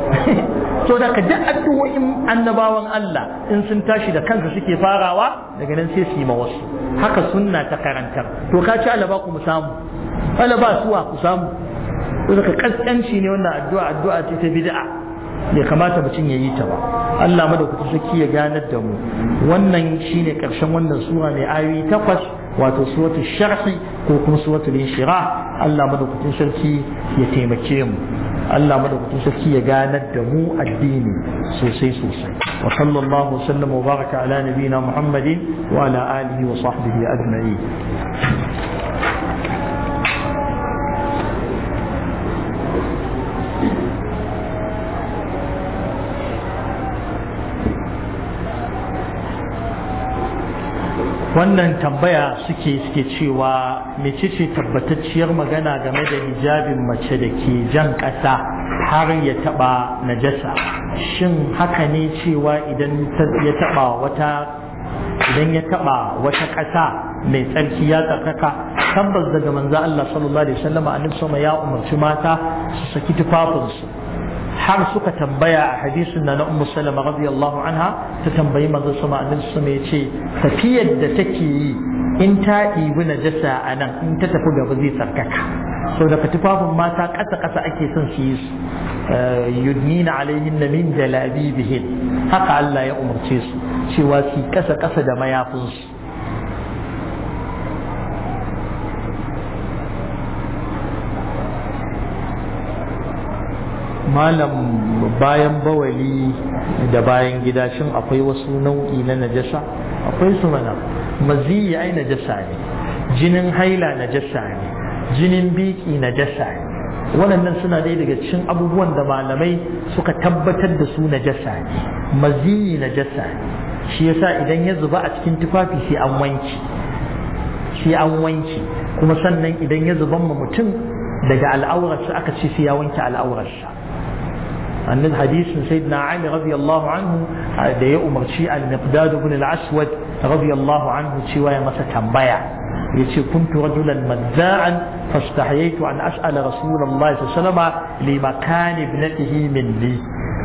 so da ka duk addu'o'in annabawan Allah in sun tashi da kansu suke farawa daga nan sai su yi ma wasu haka sunna ta karantar to ka ci alaba ku samu alaba suwa ku samu to ka kaskanci ne wannan addu'a addu'a ce ta bid'a bai kamata mutum ya yi ta ba Allah madaukaki saki ya ganar da mu wannan shine karshen wannan sura mai ayoyi takwas wato suratul sharhi ko kuma suratul inshirah Allah madaukakin sarki ya taimake mu Allah madaukakin sarki ya ganar da mu addini sosai sosai wa sallallahu wa sallama wa baraka ala nabiyina muhammadin wa ala alihi wa sahbihi ajma'in wannan tambaya suke suke cewa mecece tabbatacciyar magana game da hijabin mace da ke jan ƙasa har ya taɓa najasa shin haka ne cewa idan ya taɓa wata idan ya taɓa wata ƙasa mai tsarki ya tsarkaka tabbas daga manzo Allah sallallahu alaihi wasallam annabi sama ya umarci mata su saki tufafinsu har suka tambaya a hadisin na ummu salama radiyallahu anha ta tambayi manzon sama annabi sama ya ce tafiyar da take yi in ta ɗibi najasa a nan in ta tafi gaba zai sarkaka so daga tufafin mata ƙasa ƙasa ake son su yi su eh, yudnina alaihin na min jalabibihin haka Allah ya umarce su cewa su ƙasa ƙasa da mayafinsu malam bayan bawali da bayan gida shin akwai wasu nau'i na najasa akwai su mana maziyi ai najasa ne jinin haila najasa ne jinin biki najasa ne waɗannan suna ɗaya daga cikin abubuwan da malamai suka tabbatar da su najasa ne maziyi najasa ne shi yasa idan ya zuba a cikin tufafi sai an wanki sai an wanki kuma sannan idan ya zuban ma mutum daga al'aurarsa aka ce sai ya wanke al'aurarsa annin hadisin sayyidina ali radiyallahu anhu da ya umarci al-miqdad ibn al-aswad radiyallahu anhu cewa ya masa tambaya yace kuntu rajulan mazza'an fastahiyaitu an as'ala rasulullahi sallallahu alaihi li makan ibnatihi minni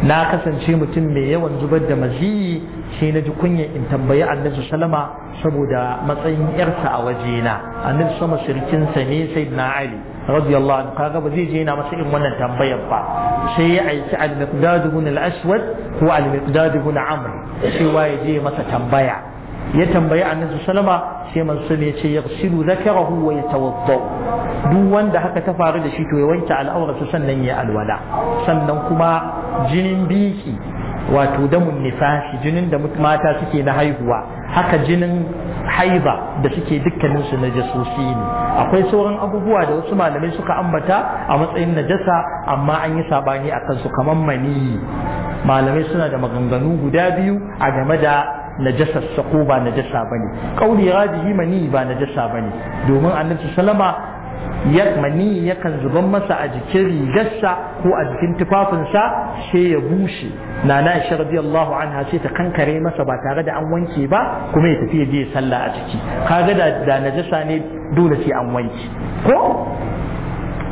na kasance mutum mai yawan zubar da maziyi sai na ji kunyar in tambayi annabi sallama saboda matsayin yarsa a wajena annabi sama sirkinsa ne sayyidina ali radiyallahu anhu kaga ba zai je yana masa irin wannan tambayar ba sai ya aiki al-miqdad ibn al-aswad ko al-miqdad ibn amr cewa ya je masa tambaya ya tambayi annabi sallama sai manzo ne ya ce yaghsilu dhakarahu wa yatawadda duk wanda haka ta faru da shi to ya wanke al'aurarsa sannan ya alwala sannan kuma jinin biki wato damun nifashi jinin da mata suke na haihuwa haka jinin haiba da suke dukkanin su najasosi ne akwai sauran abubuwa da wasu malamai suka ambata a matsayin najasa amma an yi sabani akan su kamar mani malamai suna da maganganu guda biyu a game da najasar sako ba najasa bane kauli rajihi mani ba najasa bane domin annabi sallama ya mani yakan zuban masa a jikin rigarsa ko a jikin tufafinsa sai ya bushe Na na isha radiyallahu anha sai ta kankare masa ba tare da an wanke ba kuma ya tafi je sallah a ciki kaga da da najasa ne dole sai an wanke ko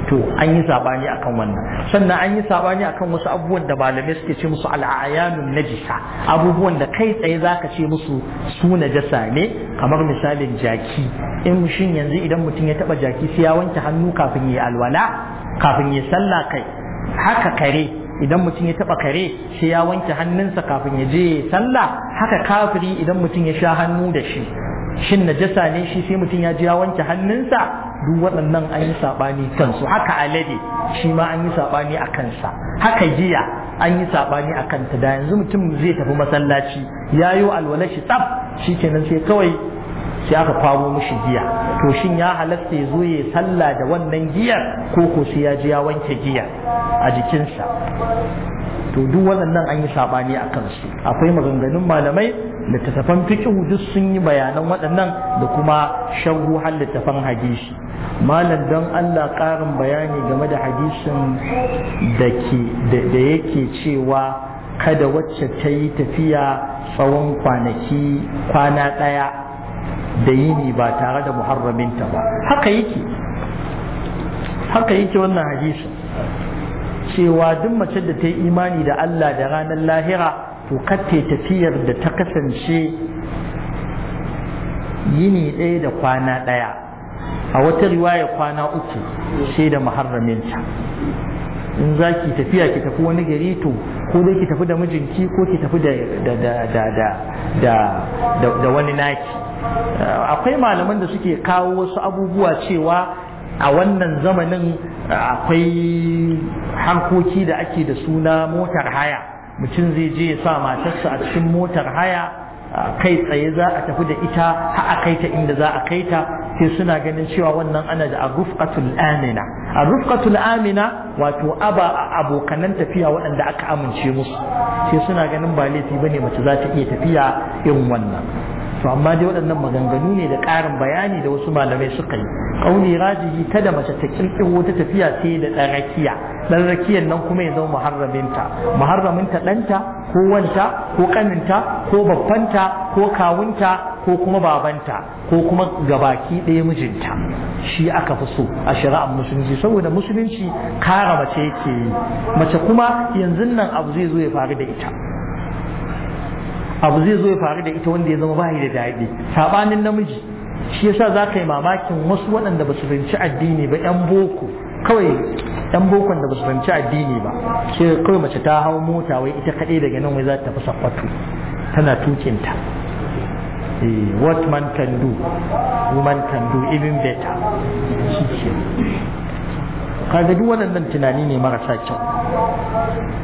to an yi sabani akan wannan sannan an yi sabani akan wasu abubuwan da malamai suke ce musu al'ayanun najisa abubuwan da kai tsaye zaka ce musu su najasa ne kamar misalin jaki in shin yanzu idan mutum ya taba jaki sai ya wanke hannu kafin ya alwala kafin ya sallah kai haka kare idan mutum ya taba kare sai ya wanke hannunsa kafin ya je sallah haka kafiri idan mutum ya sha hannu da shi shin najasa ne shi sai mutum ya je ya wanke hannunsa duk waɗannan an yi saɓani kansu haka alade shi ma an yi saɓani a kansa haka jiya an yi saɓani a kanta da yanzu mutum zai tafi masallaci ya yi alwala shi tsaf shi kenan sai kawai sai aka kwamo mishi giya to shin ya halatta ya zo ya sallah da wannan giyar ko ko sai ya ji ya wanke giyar a jikinsa to duk waɗannan an yi saɓani a kansu akwai maganganun malamai littattafan fikihu duk sun yi bayanan waɗannan da kuma sharhu har littattafan hadisi malam don Allah ƙarin bayani game da hadisin da yake cewa kada wacce ta yi tafiya tsawon kwanaki kwana ɗaya da yini ba tare da muharraminta ba haka yake haka yake wannan hadisi cewa duk mace da ta yi imani da Allah da ranar lahira to katte tafiyar da ta kasance yini ɗaya da kwana ɗaya a wata riwaya kwana uku sai da muharraminta in za ki tafiya ki tafi wani gari to ko dai ki tafi da mijinki ko ki tafi da da wani naki akwai malaman da suke kawo wasu abubuwa cewa a wannan zamanin akwai harkoki da ake da suna motar haya mutum zai je ya sa matarsa a cikin motar haya kai tsaye za a tafi da ita ha a kai inda za a kai ta sai suna ganin cewa wannan ana da arufqatul amina arufqatul amina wato aba abokanan tafiya waɗanda aka amince musu sai suna ganin ba laifi bane mace za ta iya tafiya in wannan to amma dai waɗannan maganganu ne da ƙarin bayani da wasu malamai suka yi ƙauni rajihi ta da mace ta ƙirƙiro ta tafiya ce da ɗan rakiya ɗan rakiyan nan kuma ya zama muharraminta muharraminta ɗanta ko wanta ko ƙaninta ko babbanta ko kawunta ko kuma babanta ko kuma gabaki ɗaya mijinta shi aka fi so a shari'ar musulunci saboda musulunci kara mace yake yi mace kuma yanzu nan abu zai zo ya faru da ita abu zai zo ya faru da ita wanda ya zama bayi da daɗi saɓanin namiji shi yasa za ka yi mamakin wasu waɗanda ba su fahimci addini ba 'yan boko kawai yan bokon da ba su fahimci addini ba Shi kawai mace ta hau mota wai ita kaɗai daga nan wai za ta tafi sakwato tana tukinta eh, what man can do woman can do even better kaga duk waɗannan tunani ne marasa kyau